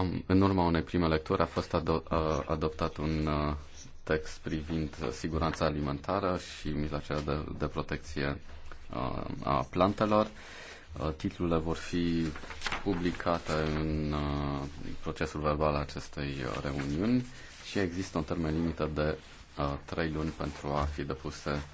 Am, în urma unei prime lecturi a fost ado- a, adoptat un text privind siguranța alimentară și mijloacele de, de protecție a, a plantelor. titlurile vor fi publicate în procesul verbal al acestei reuniuni și există un termen limită de trei luni pentru a fi depuse